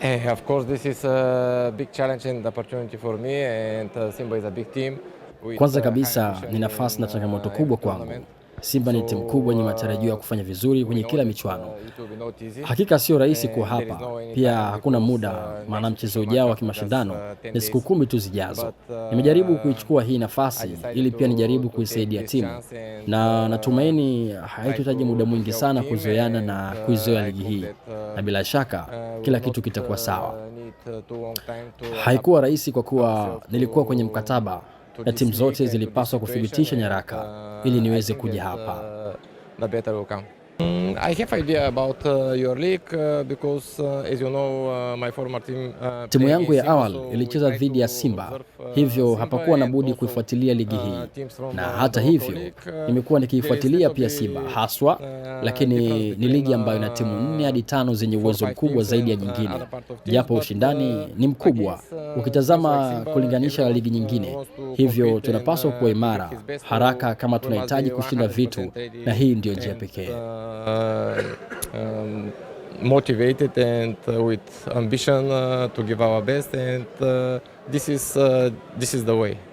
And eh, of course, this is a big challenge and opportunity for me and uh, Simba is a big team. Kwanza kabisa ni nafasi na changamoto uh, kubwa kwangu. Simba ni timu kubwa yenye matarajio ya uh, kufanya vizuri kwenye kila michuano. Uh, Hakika sio rahisi kuwa hapa, pia hakuna muda, uh, maana mchezo ujao wa kimashindano ni siku kumi tu zijazo. Nimejaribu kuichukua hii nafasi ili pia nijaribu kuisaidia timu, na natumaini haituhitaji muda mwingi sana kuzoeana na kuizoea ligi hii, na bila shaka kila kitu kitakuwa sawa. Haikuwa rahisi kwa kuwa nilikuwa kwenye mkataba na timu zote zilipaswa kuthibitisha nyaraka ili niweze kuja hapa timu yangu ya awal ilicheza dhidi ya Simba uh, hivyo hapakuwa na budi kuifuatilia ligi uh, hii na hata hivyo uh, nimekuwa nikiifuatilia pia Simba haswa lakini ni ligi ambayo ina timu nne hadi tano zenye uwezo mkubwa zaidi ya nyingine, japo ushindani ni mkubwa ukitazama kulinganisha na ligi nyingine. Hivyo tunapaswa kuwa imara haraka kama tunahitaji kushinda vitu, na hii ndiyo njia pekee. Uh, um, motivated and uh, with ambition uh, to give our best, and this is this is the way.